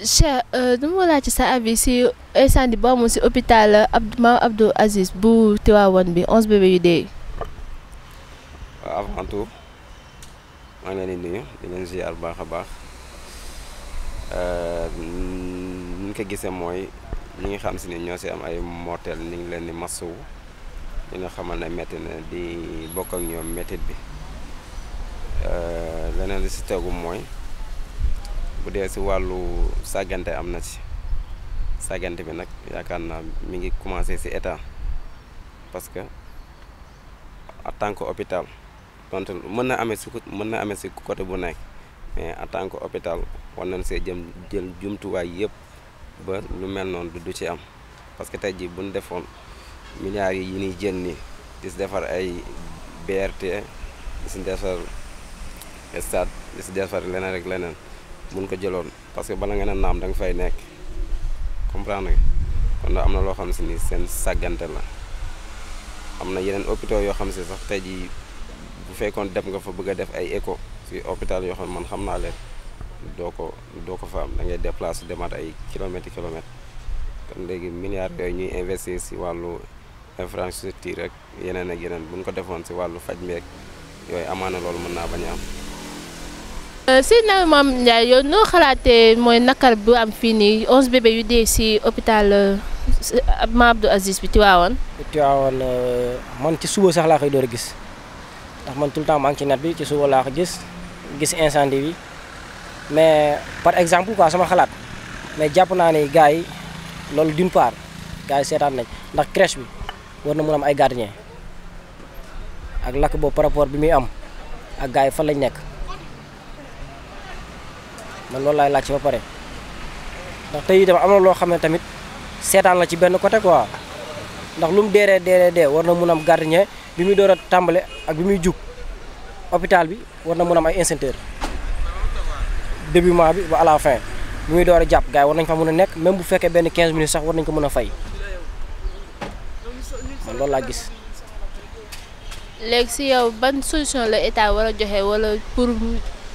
Cheikh dama laaj ci sa abi si incendie boo amoon si hôpital euh, Abdou Maam Abdou Aziz bu Tivaouane bi onze bébé yu dee. waaw euh, avant tout maa leen di nuyu di leen baax a baax euh, ni ñu ko gisee mooy ñi nga xam si ne ñoo si am ay mortel ñu leen di masawu ñu nga xamal na métti na di bokk ak ñoom métit bi leneen li si tegu mooy. bu dee si wàllu sàggante am na si sàggante bi nag yaakaar naa mi ngi commencé si état parce que en tant que hôpital donte mën na amee si mën na amee si côté bu nekk mais en tant que hôpital war nañ see jëm jël jumtuwaay yëpp ba lu mel noonu du ci am parce que tey jii bu ñu defoon milliards yi ñuy jël ni di si defar ay BRT di si defar stade di si defar leneen rek leneen. mun ko jëloon parce que bala nga ne naam da nga fay nekk comprendre nga kon da am na loo xam si ni seen sàggante la am na yeneen hôpitaux yoo xam si sax tey jii bu fekkoon dem nga fa bëgg a def ay éco si hôpital yoo xam ne man xam naa leen doo ko doo ko fa am da ngay déplacer demaat ay kilomètres i kilomètres kon léegi milliards yooyu ñuy investir si wàllu infrastructure rek yeneen ak yeneen buñ ko defoon si wàllu faj meeg yooyu amaana loolu mën naa bañ a am Euh, Seydina mom Ndiaye yo no khalaté moy nakar bu am fini 11 bébé yu dé ci hôpital euh, Mame Aziz bi tiwawon tiwawon euh, man ci suba sax la koy door gis ndax man tout temps man ci net bi ci suba la ko gis gis incendie bi mais par exemple quoi sama khalat mais japp na ni gaay lolou d'une part gaay sétane nañ ndax crèche bi war na mun am ay gardien ak lak bo par rapport bi mi am ak gaay fa lañ nek man lool lay lacc ba pare ndax tay itam amna lo loo tamit sétan la ci benn côté quoi ndax lum déré déré dé warna war am gardien bi muy doora a ak bi muy juk hôpital bi warna na am ay incenteur débutement bi ba à la fin bi muy doora japp gaay war nañ fa mëna nek même bu féké benn 15 minutes sax war nañ ko mëna fay man lool la gis. léegi yow ban solution le état war a wala pour.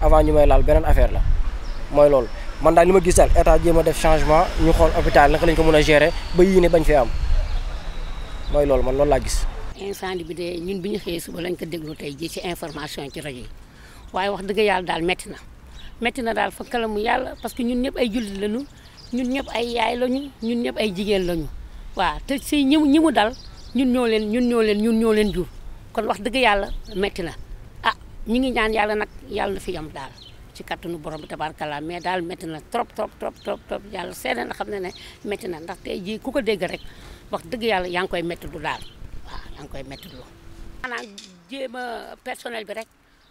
avant ñu may laal beneen affaire la mooy loolu man daal li ma gis daal état jéem a def changement ñu xool hôpital naka lañ ko mën a gérer ba yii ne bañ fee am mooy loolu man loolu laa gis. incendie bi de ñun bi ñu xëyee suba lañ ko déglu tey ji ci information ci rajo yi waaye wax dëgg yàlla daal metti na métti na daal la kalamu yàlla parce que ñun ñëpp ay jullit lañu ñun ñëpp ay yaay lañu ñun ñëpp ay jigéen lañu waaw te si ñi ñi mu dal ñun ñoo leen ñun ñoo leen ñun ñoo leen jur kon wax dëgg yàlla métti na. ñi ngi ñaan yàlla nag yàlla na yam daal ci kattanu borom bi tabarkalla mais daal métti na trop trop trop trop trop yàlla na xam ne ne métti na ndax jii ku ko dégg rek wax dëgg yàlla yaa koy métti lu daal waaw ngi koy métti lu jéem a personnel bi rek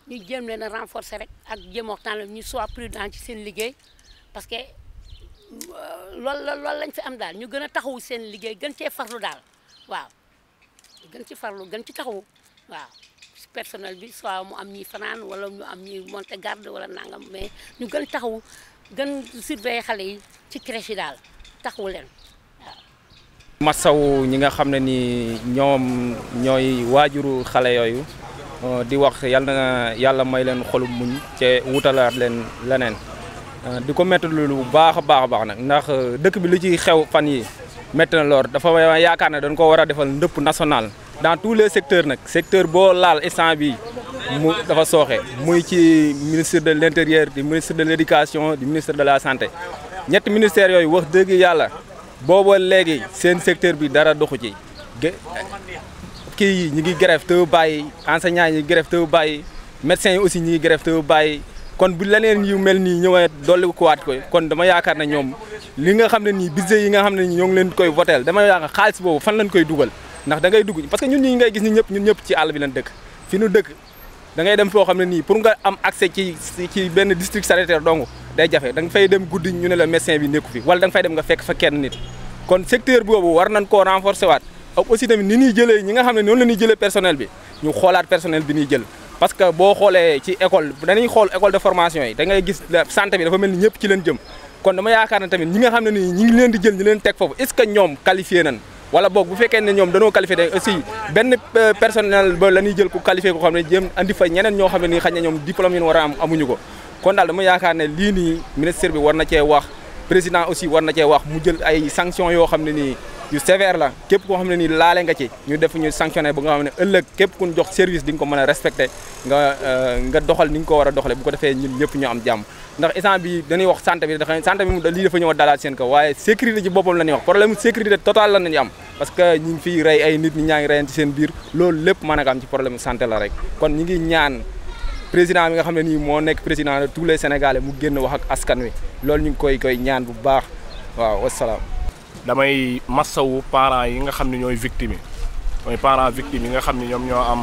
ñu jéem leen a renforcer rek ak jéem a waxtaan ñu soit prudent ci seen liggéey parce que loolu la loolu lañ fi am daal ñu gën a taxawu seen liggéey gën cee farlu daal waaw gën ci farlu gën ci taxawu waaw personnel bi soit mu am ñuy fanan wala ñu am ñuy monter garde wala nangam mais ñu gën taxaw gën surveiller xalé yi ci crèche dal taxaw len ma saw ñi nga xam ni ñom ñoy wajuru xalé yoyu euh, di wax yalla na may len xolu muñ ci wutalat len lenen euh, di ko métti lu baax baax baax nak ndax euh, dekk bi lu ci xew fan yi métti na lor dafa dañ ko wara defal national. dans tous les secteurs nag secteur boo laal instant bi mu dafa sooxe muy ci ministre de l' intérieur di ministre de l' éducation di ministre de la santé ñetti ministères yooyu wax dëgg yàlla booba léegi seen secteur bi dara doxu ci kii yi ñu ngi grève te bàyyi enseignants yi grève te bàyyi médecins yi aussi ñu ngi grève te bàyyi kon bu leneen yu mel ni ñëwee dolli ko waat ko kon dama yaakaar ne ñoom li nga xam ne ni budget yi nga xam ne nii ñoo ngi leen koy votel dama yaakaar xaalis boobu fan lañ koy dugal ndax da ngay dugg parce que ñun ñi ngay gis ñun ñëpp ñun ñëpp ci àll bi leen dëkk fi nu dëkk da dem foo xam ne nii pour nga am accès ci ci benn district sanitaire dong day jafe da nga fay dem guddi ñu ne la médecin bi nekku fi wala da nga fay dem nga fekk fa kenn nit kon secteur boobu war nañ koo renforcer waat ak aussi tamit ni ñuy jëlee ñi nga xam ne noonu la ñuy jëlee personnel bi ñu xoolaat personnel bi ñuy jël parce que boo xoolee ci école dañuy xool école de formation yi da ngay gis santé bi dafa mel ni leen jëm kon dama yaakaar ne tamit ñi ne nii leen di jël ñi leen teg foofu est-ce wala boog bu fekkee ne ñoom dañoo qualifié aussi benn euh, personnel ba la ñuy jël ku qualifié ko xam ne jéem andi fa ñeneen ñoo xam ne nii xañ na ñoom diplôme yi war a am amuñu ko kon daal dama yaakaar ne lii nii ministère bi war na cee wax président aussi war na cee wax mu jël ay sanctions yoo xam ne nii yu sévère la képp koo xam ne ni laale nga ci ñu def ñu sanctionné ba nga xam ne ëllëg képp ku jox service di nga ko mën a respecté nga euh, nga doxal ni nga ko war a doxalee bu ko defee ñun ñëpp ñu am jàmm ndax instant bi dañuy wax santé bi dafa santé bi lii dafa seen kaw waaye sécurité ci boppam la ñuy wax problème sécurité total la nañu am parce que ñu ngi fiy rey ay nit ñi ñaa ngi reyeen seen biir loolu lépp mën a am ci problème rek kon ñi ngi ñaan président bi nga xam ne nii moo nekk président de tous les génn wax ak askan wi loolu ñu ngi koy koy ñaan bu baax waaw wasalaam damay massawu parents yi nga xam ne ñooy victime yi mooy parents victime nga xam ne ñoom ñoo am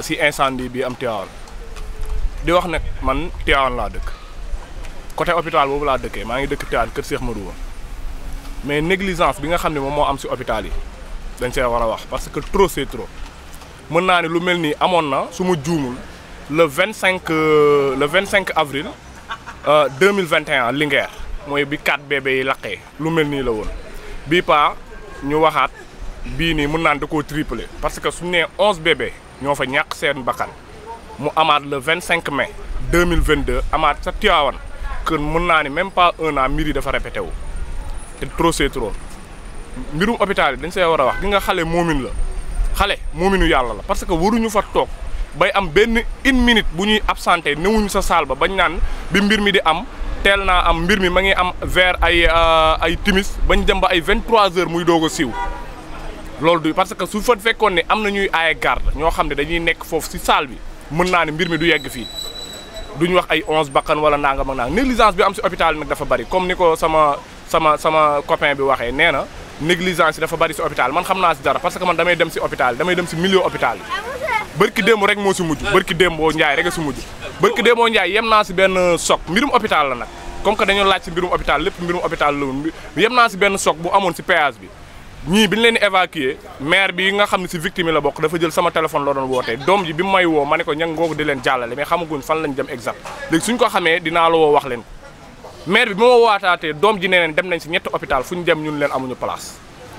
si euh, incendie bi am Tivaouane di wax nag man Tivaouane laa dëkk côté hôpital boobu laa dëkkee maa ngi dëkk Tivaouane kër Cheikh Madouba mais néglisance bi nga xam ne moom moo am si hôpital yi dañ see war a wax parce que trop c'est trop mën naa ne lu mel nii amoon na su ma juumul le vingt cinq le vingt cinq avril euh, deux mille vingt et un mooy bi quatre bébé yi laqee lu mel nii la woon bii paa ñu waxaat bii nii mën naa da koo triplé parce que su ñu nee onze bébé ñoo fa ñàkk seen bakkan. mu amaat le 25 mai 2022 Amad sa Tivaouane que mën naa ni même pas un an Miri yi faire répété wu c'est trop c'est trop mbirum hôpital yi dañ see war a wax gi nga xale moomin la xale moominu yàlla la parce que waruñu fa toog bay am ben une minute bu ñuy absenté newuñu sa salle ba bañ naan bi mbir mi di am tel na am mbir mi ma ngi am vers ay euh, ay timis bañ dem ba ay 23 heures muy dogo siw lolou du parce que su fa fekkone am na ñuy garde ño xam dañuy nekk fofu ci salle bi mën naa ne mbir mi du yegg fii du ñu wax ay onze bakkan wala nangam ak nangam négligence bi am si hôpital yi nag dafa bari comme ni ko sama sama sama copain bi waxee nee na négligence dafa bari si hôpital man xam naa si dara parce que man damay dem si hôpital damay dem si milieu hôpital démb rek moo si mujj ki démboo njaay rek a si mujj bërki démboo njaay yem naa si benn soc mbirum hôpital la nag comme que dañoo laaj si mbirum hôpital lépp mbirum hôpital la yem si benn soc bu amoon si bi ñii bi ñu leen di évacuer maire bi nga xam ne si victime la bokk dafa jël sama téléphone la doon wootee doom ji bi mu woo ma ne ko ñang ngoogu di leen jàllale mais xamaguñ fan lañ jëm exact léegi ñu ko xamee dinaa la woo wax leen maire bi bi ma waataatee doom ji nee neen dem nañ si ñetti hôpital fu ñu dem ñun leen amuñu place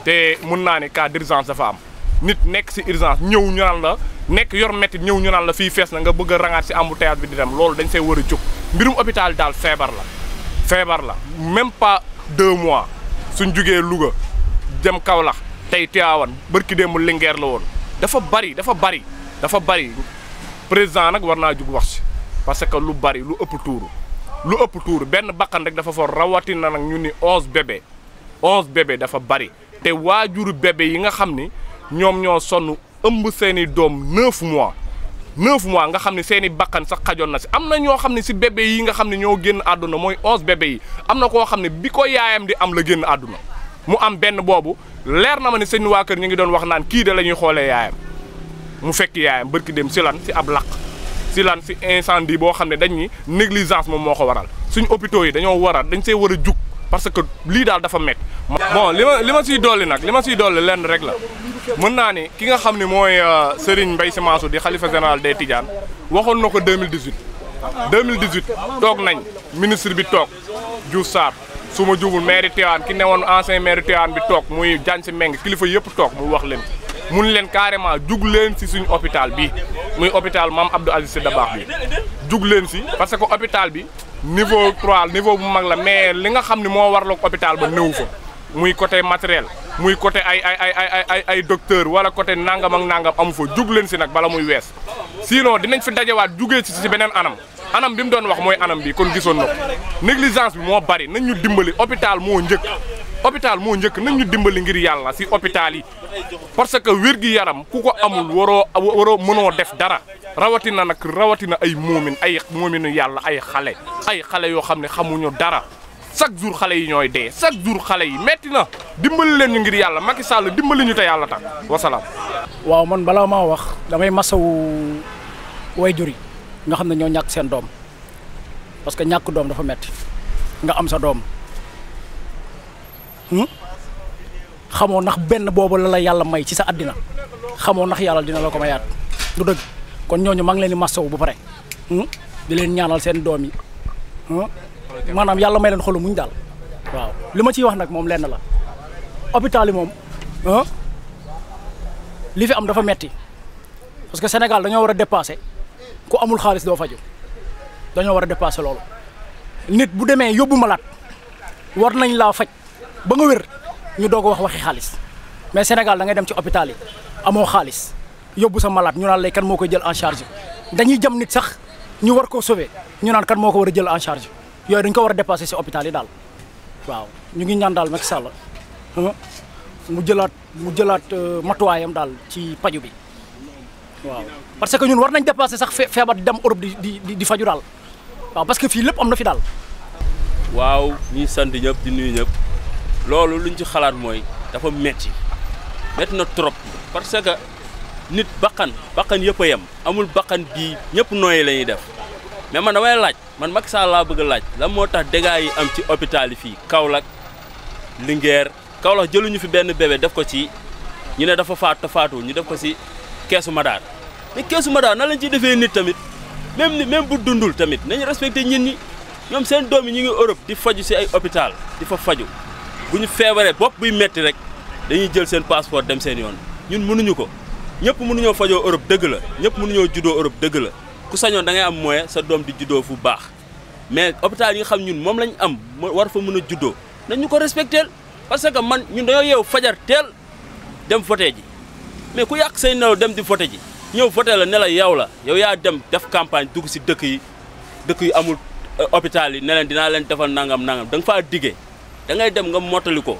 te mun naa ne cas d'urgence dafa am nit nekk si urgence ñëw ñu naan la nekk yor métti ñëw ñu naan la fii fees na nga bëgg a rangaat si embouteillage bi di dem loolu dañ see war a jóg mbirum hôpital daal feebar la feebar la même pas deux mois suñ jugee Louga dem kaolax tay tiawan barki dem Linguère la won dafa bari dafa bari dafa bari président nak warna naa jug wax ci parce que lu bari lu upp tour lu upp tour ben bakkan rek dafa for rawatin na nak ñuni 11 bébé 11 bébé dafa bari te wajuru bébé yi nga xamni ni ñoom ñoo sonu ëmb seeni dom 9 mois 9 mois nga xamni seeni bakkan sax xajon na si amna ño xamni ci si bébé yi nga xamni ño ñoo génn àdduna mooy bébé yi am ko xamni biko yaayam di am la génn aduna mu am benn boobu leer na ma ne seen waa kër ñu ngi doon wax naan kii de la ñuy xoolee yaayam mu fekk yaayam bërki dem si lan si ab laq si lan si incendie boo xam ne dañ ni moom moo ko waral suñu hôpitaux yi dañoo war dañ see war a jug parce que lii daal dafa métti. bon li ma li ma siy dolli nag li ma siy dolli lenn rek la mën naa ni ki nga xam ne mooy euh, Serigne Mbaye Sy Mansour di xalifa général des Tidianes waxoon na ko 2018. 2018 toog nañ ministre bi toog Diouf Sarr. su ma jubul maire Tivaouane ki newoon ancien maire Tivaouane bi toog muy jàng si meng kilifa yëpp toog mu wax leen mu mun leen carrément jug leen si suñu hôpital bi muy hôpital Mame Abdou Aziz Sy Dabakh bi jug leen si parce que hôpital bi niveau 3 niveau bu mag la mais li nga xam ne moo warloog hôpital ba néew fa muy côté matériel muy côté ay ay ay ay ay ay docteur wala côté nangam ak nangam amu fa jug leen si nag bala muy wees sinon dinañ fi dajewaat jugee si si beneen anam anam bi mu doon wax mooy anam bi kon gisoon na négligence bi moo bari nañ ñu dimbali hôpital moo njëkk hôpital moo njëkk nañ ñu dimbali ngir yàlla si hôpital yi parce que wér gi yaram ku ko amul waroo waroo mënoo def dara rawatina nag rawatina ay moomin ay moominu yàlla ay xale ay xale yoo xam ne xamuñu dara chaque jour xalé yi ñoy dé chaque jour xalé yi metti na dimbal leen ñu ngir yalla Macky Sall dimbali ñu té yalla tax wa salam waaw man bala ma wax damay massaw way juri nga xamna ñoo ñak seen doom parce que ñak doom dafa metti nga am sa doom hmm xamoo nak benn bobu la la yalla may ci sa adina xamoo nak yalla dina la ko mayat du deug kon ñooñu maa ngi leen di masaw bu hmm di leen ñaanal seen doom yi hmm? manam yalla may len xolu muñ dal waaw lima ma wax nak mom len la hôpital mom hein ah, li fi am dafa metti parce que Sénégal dañu wara dépasser ku amul xaliss do faju dañu wara dépasser lolu nit bu démé yóbbu malaat war nañ la faj ba nga wër ñu dogo wax waxi xaliss mais Sénégal da ngay dem ci hôpital yi amo xaliss yóbbu sa malaat ñu naan lay kan moko jël en charge dañuy jam nit sax ñu war ko sauver ñu naan kan moko wara jël en charge yooyu dañ ko wara a ci hôpital yi dal waaw ñu ngi ñaan dal Macky Sall mu jëlat mu jëlat matuwaayam dal ci paju bi waaw parce que ñun war nañ dépassé sax feebar di dem Europe di di di faju dal waaw parce que fi lepp amna fi dal waaw ñi sant ñëpp di nuyu ñëpp loolu luñ ci xalaat moy dafa metti metti na trop parce que nit bakan bakan yëpp a amul bakan bi ñëpp noy la def mais man damay laaj man Macky Sall laa bëgg laaj lan moo tax dégâts yi am ci hôpital yi fii Kaolack Linguère Kaolack jëluñu fi benn bébé def ko ci ñu ne dafa faatu faatu ñu def ko si keesu madaar mais keesu madaar nan lañ ci defee nit tamit même ni même bu dundul tamit nañu respecté nit ñi ñoom seen doom yi ñu ngi Europe di faju ci ay hôpital di fa faju bu ñu feebaree bopp buy metti rek dañuy jël seen passeport dem seen yoon ñun mënuñu ko ñëpp mënuñoo fajoo Europe dëgg la ñëpp mënuñoo judoo Europe dëgg la ku sañon da ngay am moyen sa dom di judo fu bax mais hôpital yi nga xam ñun mom lañ am war fa mëna judo nañ ko respecter parce que man ñun dañoo yew fajar tel dem vote ji mais ku yak say naw dem di vote ji ñew nela la nela yaw la yaw ya dem def campagne dug ci dëkk yi dëkk yu amul euh, hôpital yi ne dina dinaa leen defal nangam nangam da nga faa da ngay dem nga motaliko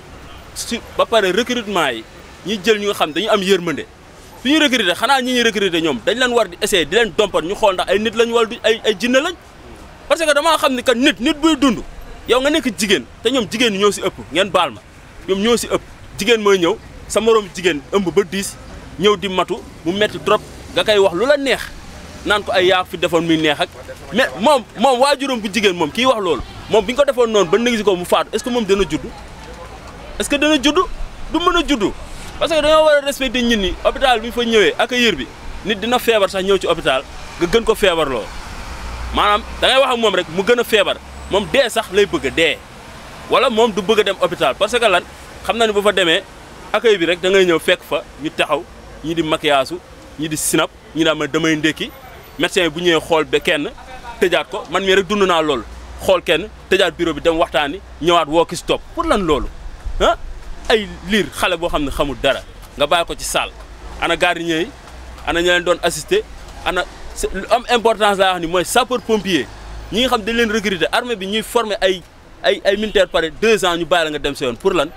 ba paré recrutement yi ñi jël ñu xam dañu am yërmande fi ñu recruter xanaa ñi ñuy recruter ñoom dañ leen war di essayer di leen dompat ñu xol ndax ay nit lañ wala du ay ay jinn lañ parce que dama xamni ni nit nit buy dund yow nga nek jigen te ñom jigen ñoo ci ëpp ngeen baal ma ñoom ñoo ci ëpp jigen moy ñew sa morom jigen ëmb ba 10 ñew di matu mu metti trop ga kay wax lula neex nan ko ay yaa fi defon mi neex ak mais mom moom waajuram bu jigen mom ki wax lool mom biñ ko defon non ba négi ko mu faatu est ce que mom dana judd est ce que dana judd du meuna judd parce que dañu wara a respecter nit ñi hôpital bi fa ñëwee accueillir bi nit dina fièvre sax ñëw ci hôpital ga gën ko lo manam da ngay wax ak mom rek mu gëna fièvre mom dé sax lay bëgg dé wala mom du bëgg dem hôpital parce que lan xam na ne bu fa demee accueil bi rek da ngay ñëw fekk fa ñu taxaw ñi di maquillage ñi di sinap ñi na ma damay ndéki médecin bu ñëwé xol ba kenn tejaat ko man mi rek dunduna lool xol kenn tejaat bureau bi dem waxtani ñëwaat woo ki pour lan lool hein ay liir xale boo xam ne xamul dara nga bàyyi ko ci salle ana gardien yi ana ña leen doon assister ana lu am importance laa wax mooy sapeur pompier ñi nga xam dañ leen recruter armée bi ñuy former ay ay ay militaire pare deux an ñu bàyyi la nga dem sa yoon pour lan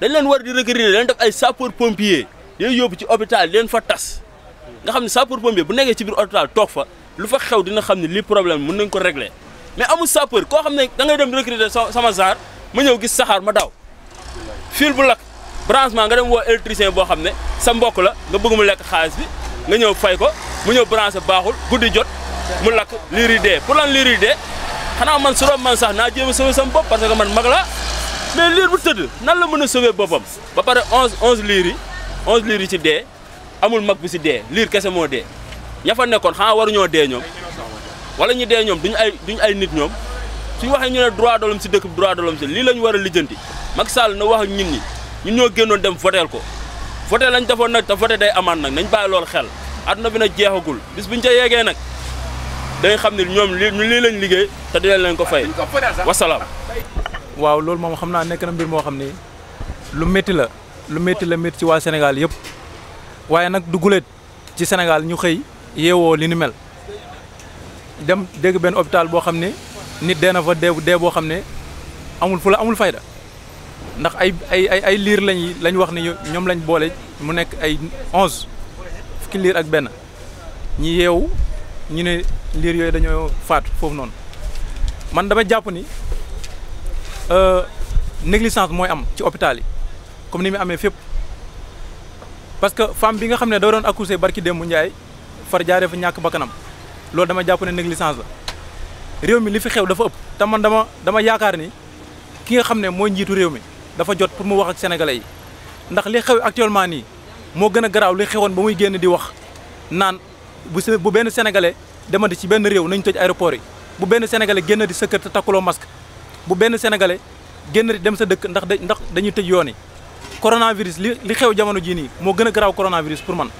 dañ leen war di recruter leen def ay sapeur pompier day yóbbu ci hôpital leen fa tas nga xam ne sapeur pompier bu nekkee ci biir hôpital toog fa lu fa xew dina xam ne li problème mën nañ ko régler mais amul sapeur koo xam ne da ngay dem recruter sama genre ma ñëw gis saxaar ma daw fil bu lak branchement nga dem wo électricien bo xamné sa mbokk la nga bëgguma lek xaaliss bi nga ñëw fay ko mu ñëw branché baaxul guddi jot mu lak liri dé pour lan liri dé xana man su man sax na jëm sama sama bop parce que man mag la mais lire bu teud nan la mëna sauver bopam ba paré 11 11 liri 11 liri ci dé amul mag bu ci dé lire kessé mo dé fa nekkon xana waru ñoo dé ñom wala ñi dé ñom duñ ay duñ ay nit ñom suñ waxe ñu né droit de l'homme si dëkk droit de l'homme si lii lañ wara lijeenti lijjanti Macky Sall na wax ñun ñi ñun ñoo gënoon dem votel ko voté lañ defoon nak ta voté day amaan nak nañ baay lool xel aduna bi na jéxagul bis buñ ca yégué nak day xam ne ñoom li ñu lañ liggé ta dinañ leen ko fay wa wasalaam waaw lool mom xamna nek na mbir mo xamni lu metti la lu metti la metti ci wa Sénégal yépp waye nak du guleet ci Sénégal ñu xey yéwo li ni mel dem dégg ben hôpital bo xamni nit dee na fa dee boo xam ne amul fu la amul fayda ndax ay ay ay ay liir lañ lañ wax ne ñoom lañ boole mu nekk ay onze fukki liir ak benn ñi yeewu ñu ne liir yooyu dañoo faatu foofu noonu man dama jàpp ni euh, négligence mooy am ci hôpital yi comme ni mu amee fépp parce que femme bi nga xam ne da doon accoucher barki mu Njaay far jaaree fa ñàkk bakkanam loolu dama jàpp ne négligence la réew mi li fi xew dafa ëpp ta man dama dama yaakar ni ki nga xamne ne mooy réew mi dafa jot pour mu wax ak sénégalais yi ndax li xew actuellement ni mo gëna graw li xewon ba muy di wax nan bu bu ben sénégalais di ci ben réew nañ toj aéroport yi bu ben sénégalais génn di sa ta takulo masque bu ben sénégalais génn di dem sa dëkk ndax ndax dañuy tej yoni coronavirus li li xew jamono ji ni mo gëna graw coronavirus pour man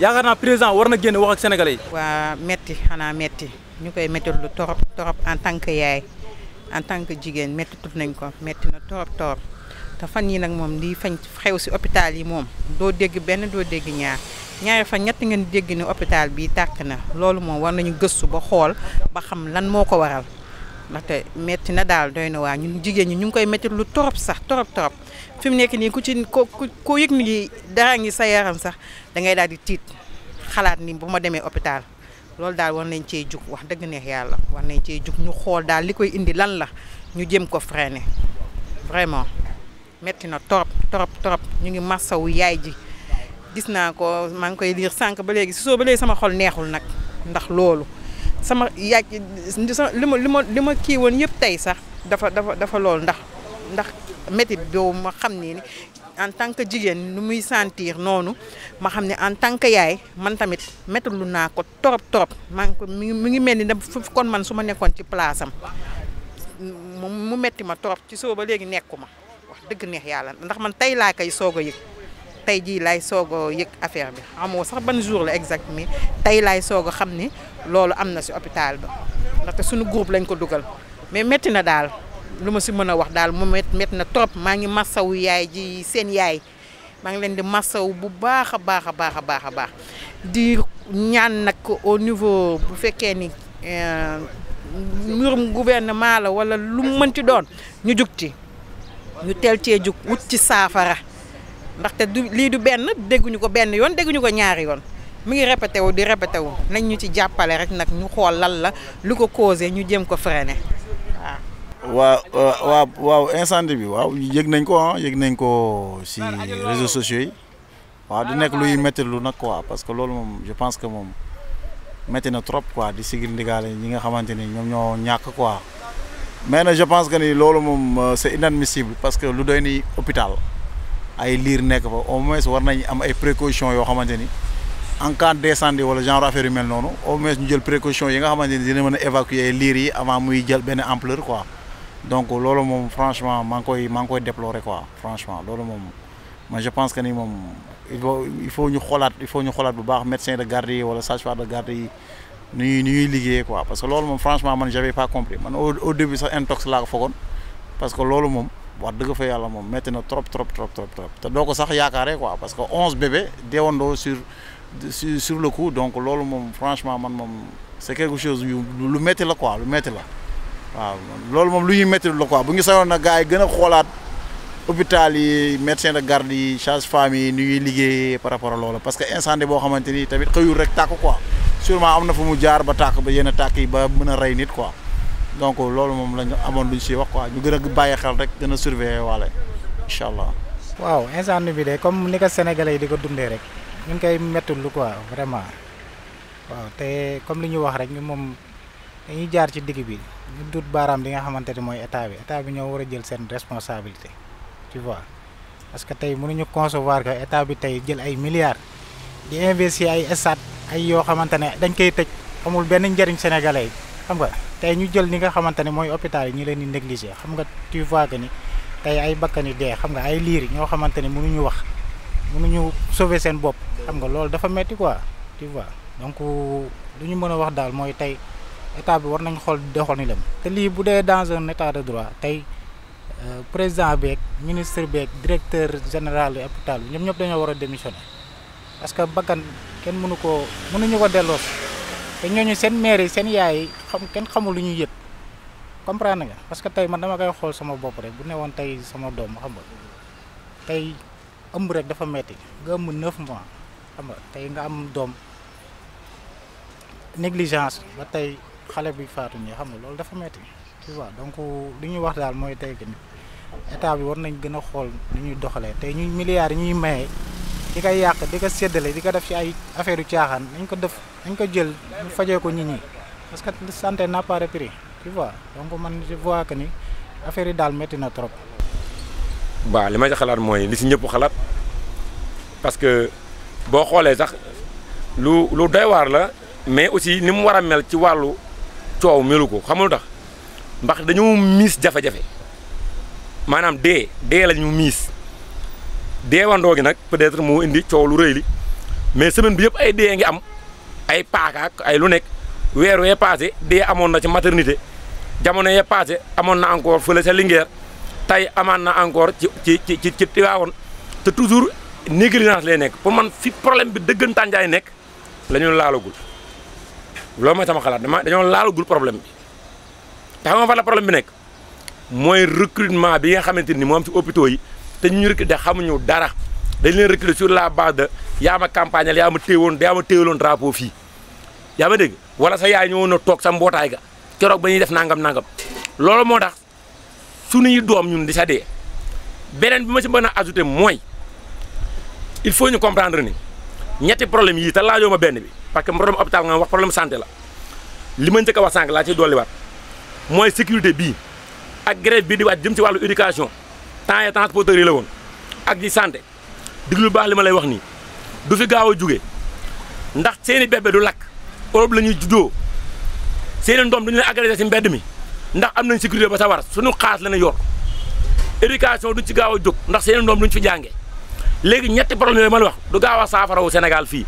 yaakaar naa président war na génn wax ak sénégalais yi. waa metti xanaa metti. ñu koy méttit lu torop torop en tant que yaay en tant que jigéen méttitul nañ ko métti na torop torop te fan yi nag moom lii fañ xew si hôpital yi moom doo dégg benn doo dégg ñaar ñaari fan ñett ngeen dégg ni hôpital bi tàkk na loolu moom war nañu gëstu ba xool ba xam lan moo ko waral ndaxte metti na daal doy na waa ñu jigéen ñi ñu ngi koy metti lu torop sax torop torop fi mu nekk nii ku ci ko ku yëg ni dara ngi sa yaram sax da ngay daal di tiit xalaat nii bu ma demee hôpital loolu daal war nañ cee jug wax dëgg neex yàlla war nañ cee jug ñu xool daal li koy indi lan la ñu jëm ko freiner vraiment metti na trop trop trop ñu ngi massawu yaay ji gis naa ko maa ngi koy liir sànq ba léegi soo ba léegi sama xol neexul nag ndax loolu sama yaay li ma li ma li ma kii woon yëpp tey sax dafa dafa dafa loolu ndax ndax métti boobu ma xam nii ni en tant que jigéen nu muy sentir noonu ma xam en tant que yaay man tamit méttalu naa ko trop trop maa ko mi ngi melni ni da kon man suma nekkon ci place am mu metti ma trop ci soba legi nekkuma wax deug neex yalla ndax man tay la kay sogo yek tay ji lay sogo yek affaire bi xamoo sax ban jour la exact mi tay lay sogo a lolu amna ci hôpital ba ndaxte suñu groupe lañ ko dugal mais metti na dal lu ma si mën a wax daal mu met met na trop maa ngi massawu yaay ji seen yaay maa ngi leen di massawu bu baax a baax a baax a baax a baax di ñaan nag au niveau bu fekkee ni euh, mbirum gouvernement la wala lu mu mënti doon ñu jug ci ñu teel cee jug wut ci saafara ndaxte du lii du benn dégguñu ko benn yoon dégguñu ko ñaari yoon mi ngi répété wu di répété wu nañ ñu ci jàppale rek nag ñu xool lan la lu ko causé ñu jëm ko freiné. wa wa wa incendie bi waaw yëg nañ ko ah yëg nañ ko si réseaux sociaux yi waaw du nekk luy métti lu nag quoi parce que loolu moom je pense que moom métti na trop quoi di sigir ndigaale ñi nga xamante ni ñoom ñoo ñàkk quoi mais nag je pense que ni loolu moom euh, c'est inadmissible parce que lu doy ni hôpital ay lir nekk fa au moins war nañ am ay précautions yoo xamante ni en cas d'incendie wala genre affaire yu mel noonu au moins ñu jël précaution yi nga xamante ni dina mën a évacuer liri yi avant muy jël benn ampleur quoi donc lolo mom franchement maa koy maa koy déplorer quoi franchement lolo mom mais je pense que ni mom il faut il faut ñu xolat il faut ñu xolat bu baax médecin de garde yi wala sage-femme de garde yi nu ñuy quoi parce que lolo mom franchement man j'avais pas compris man au au début sax intox la ko parce que lolo mom wax deug fa yalla mom metti na trop trop trop trop trop te doko sax yaakaaree quoi parce que onze bébés déwondo sur sur le coup donc lolo mom franchement man mom c'est quelque chose lu metti la quoi lu metti la. waaw loolu moom lu ñuy métti la bu ñu sañoon na gaay gën a xoolaat hôpital yi médecin de garde yi sages-femmes yi ni ñuy liggéeyee par rapport ak loolu parce que incendie boo xamante ni tamit xëyul rek tàkk quoi sûrement am na fa mu jaar ba tàkk ba yenn tàkk yi ba mën a rey nit quoi donc loolu moom la amoon lu ñu si wax quoi ñu gën a bàyyi xel rek gën a surveiller waale incha allah. waaw incendie bi de comme ni ko sénégalais yi di ko dundee rek ñu ngi koy méttul lu quoi vraiment waaw te comme li ñu wax rek ñu moom dañuy jaar ci digg bi. ñu dut baaraam li nga xamante ne mooy état bi état bi ñoo war a jël seen responsabilité tu vois parce que tey mënuñu concevoir que état bi tey jël ay milliards di investir ay stade ay yoo xamante ne dañ koy tëj amul benn njëriñ sénégalais yi xam nga tey ñu jël ni nga xamante ne mooy hôpital yi ñu leen di négliger xam nga tu vois ni tey ay bakkan yu dee xam nga ay liir ñoo xamante ne mënuñu wax nu ñu sauver seen bopp xam nga loolu dafa metti quoi tu donc lu ñu mën a wax daal mooy tey état bi war nañ xool doxal ni dem te lii bu dee dans un état de droit tey euh, président beeg ministre beeg directeur général de hôpital bi ñoom ñëpp dañoo war a démissionner parce que bakkan kenn mënu ko mënuñu ko delloosi te ñooñu seen maire seen yaay xam kenn xamul lu ñuy yëg comprendre nga parce que tey man dama koy xool sama bopp rek bu newoon tey sama doom xam nga tey ëmb rek dafa metti nga ëmb neuf mois xam nga tey nga am doom négligence ba xale bi faatu ñi xam nga loolu dafa metti tu vois donc li ñuy wax daal mooy tey ni état bi war nañ gën a xool ni ñuy doxalee tey ñuy milliards yi ñuy maye di koy yàq di ko séddale di ko def ci ay affaire yu caaxaan dañ ko def dañ ko jël ñu fajee ko nit ñi parce que santé n'a pas de prix tu vois donc man je vois que ni affaire yi daal métti na trop. waaw li ma ci xalaat mooy li si ñëpp xalaat parce que boo xoolee sax lu lu doy waar la mais aussi ni mu war a mel ci wàllu. coow melu ko xamul tax mbax dañu miss jafe-jafe manam dé dé la miss dé wando gi nak peut-être mo indi ciow lu reuy li mais semaine bi yëpp ay dé nga am ay ak ay lu nek wéru wee passé dé amone na ci maternité jamono yee passé amone na encore feulé sa Linguère tay amana na encore ci ci ci ci ci Tivaouane te toujours négligence lay nek pour man fi problème bi dëggantaan jay nek la ñu loolu mooy sama xalaat dama dañoo gul problème bi te xam nga fan la problème bi nekk mooy recrutement bi nga xamante ni am ci hôpitaux yi te ñu recruter xamuñu dara dañ leen recruter sur la base de y'a ma campagne y'a ma téewoon yaa ma téewaloon drapeau fii yaa ma dégg wala sa yaay ñëwoon a toog sa mbootaay ga keroog ba ñuy def nangam nangam loolu moo tax suñuy doom ñun di sa dee beneen bi ma ci mën a ajouter mooy il faut ñu comprendre ni ñetti problème yi te laajoo ma benn bi parce que problème hôpital nga wax problème santé la li ma njëkk a wax sànq laa ciy dolliwaat mooy sécurité bii ak grève bii di waat jëm ci wàllu éducation temps et transporteurs yi la woon ak di santé diglu baax li ma lay wax nii du fi gaaw a jóge ndax seeni bébé du lakk Europe la ñuy juddoo seeni ndoom duñu leen agressé ci mbedd mi ndax am nañ sécurité ba sa war suñu xaas la na yor éducation duñ ci gaaw a jóg ndax seeni ndoom duñ fi jàngee léegi ñetti problème yi ma la wax du gaaw a saafarawu Sénégal fii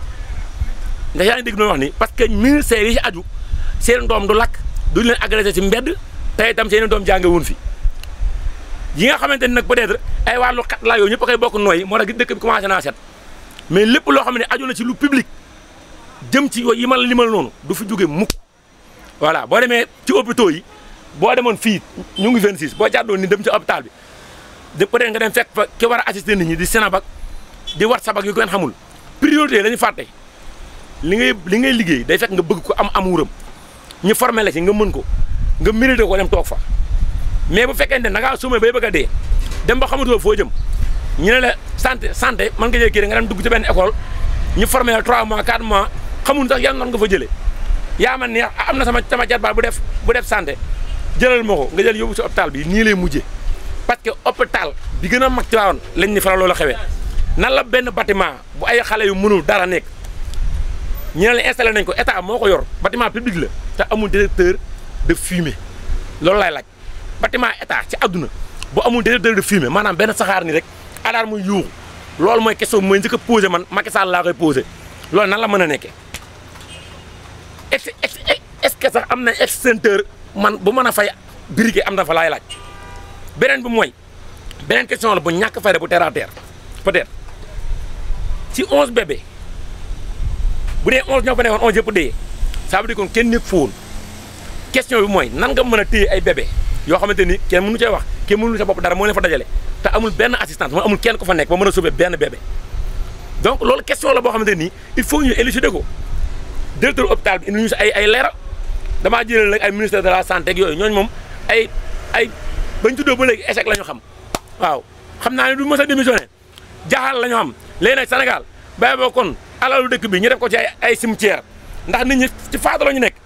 ndax yaa ngi dégg noonu wax ni parce que ministère yi ci aju seen doom du lakk duñ leen agressé ci mbedd tey itam seen doom jànge wuñ fi yi nga xamante ni nag peut-être ay wàllu xat laa yooyu ñëpp a koy bokk nooy moo tax dëkk commencé naa set mais lépp loo xam ne aju na ci lu public jëm ci yi ma la limal noonu du fi jóge mukk voilà boo demee ci hôpitaux yi boo demoon fii ñu ngi 26 boo jàddoon ni dem ci hôpital bi de peut-être nga dem fekk fa ki war a assister nit ñi di Sénabak di WhatsApp ak yu kenn xamul priorité lañu fàtte. li ngay li ngay liggéey day fekk nga bëgg ko am amuram ñu formé la ci nga mën ko nga mérité ko dem tok fa mais bu fekkente ne da ngaa sumé bay bëgg dé dem ba xamatu fo jëm ñu la santé santé man nga jël kii nga dem dugg ci ben école ñu formé la 3 mois 4 mois xamuñ sax yan noon nga fa jëlé ya man neex amna sama sama jarbaat bu def bu def santé jëlal mako nga jël yobu ci hôpital bi ni lay mujjé parce que hôpital bi gëna a mag ci waawoon lañ ni fa la loolu xewee nan la ben bâtiment bu ay xalé yu mënul dara nek ñu ne installé nañ ko état moko yor bâtiment public la té amul directeur de fumée loolu lay laaj bâtiment état ci aduna bu amul directeur de fumée manam ben saxar ni rek alarme yu yuuxu loolu mooy question mooy njëkk a man Macky Sall la koy poser loolu nan la mëna a est-ce que sax amna extincteur man bu mëna fay briqué amna fa lay laaj benen bu moy benen question la bu ñak fay rek bu terre à terre peut-être ci 11 bébés bu dee onze ñoo fa nekkoon onze yëpp dee ça veut dire kon kenn nekk fóon question bi mooy nan nga mën a téye ay bebe yoo xamante ni kenn mënu cay wax kenn mënu sa bopp dara moo leen fa dajale te amul benn assistance moo amul kenn ko fa nekk ba mën a sauver benn bébé donc loolu question la boo xamante nii il faut ñu élucider ko directeur hôpital bi ñu si ay ay leeral damaa jëlee nag ay ministère de la santé ak yooyu ñooñu moom ay ay bañ tuddoo ba léegi échec la ñu xam waaw xam naa ne du mës a démissionné jaaxal la ñu xam léegi nag Sénégal boo kon alalu dekk bi ñu def ko ci ay cimetière ndax nit ñi ci faatu lañu nekk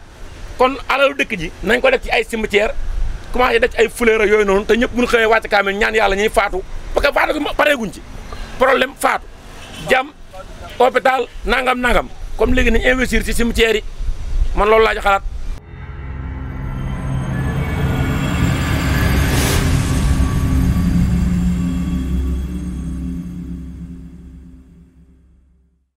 kon alalu dekk ji nañ ko def ci ay cimetière commencé def ci ay fleur yoy non te ñëpp mun xëyee wàcc kaamel ñaan yalla ñi faatu parce que faatu guñ ci problème faatu jam hôpital nangam nangam comme légui ñu investir ci cimetière yi man loolu la jaxalat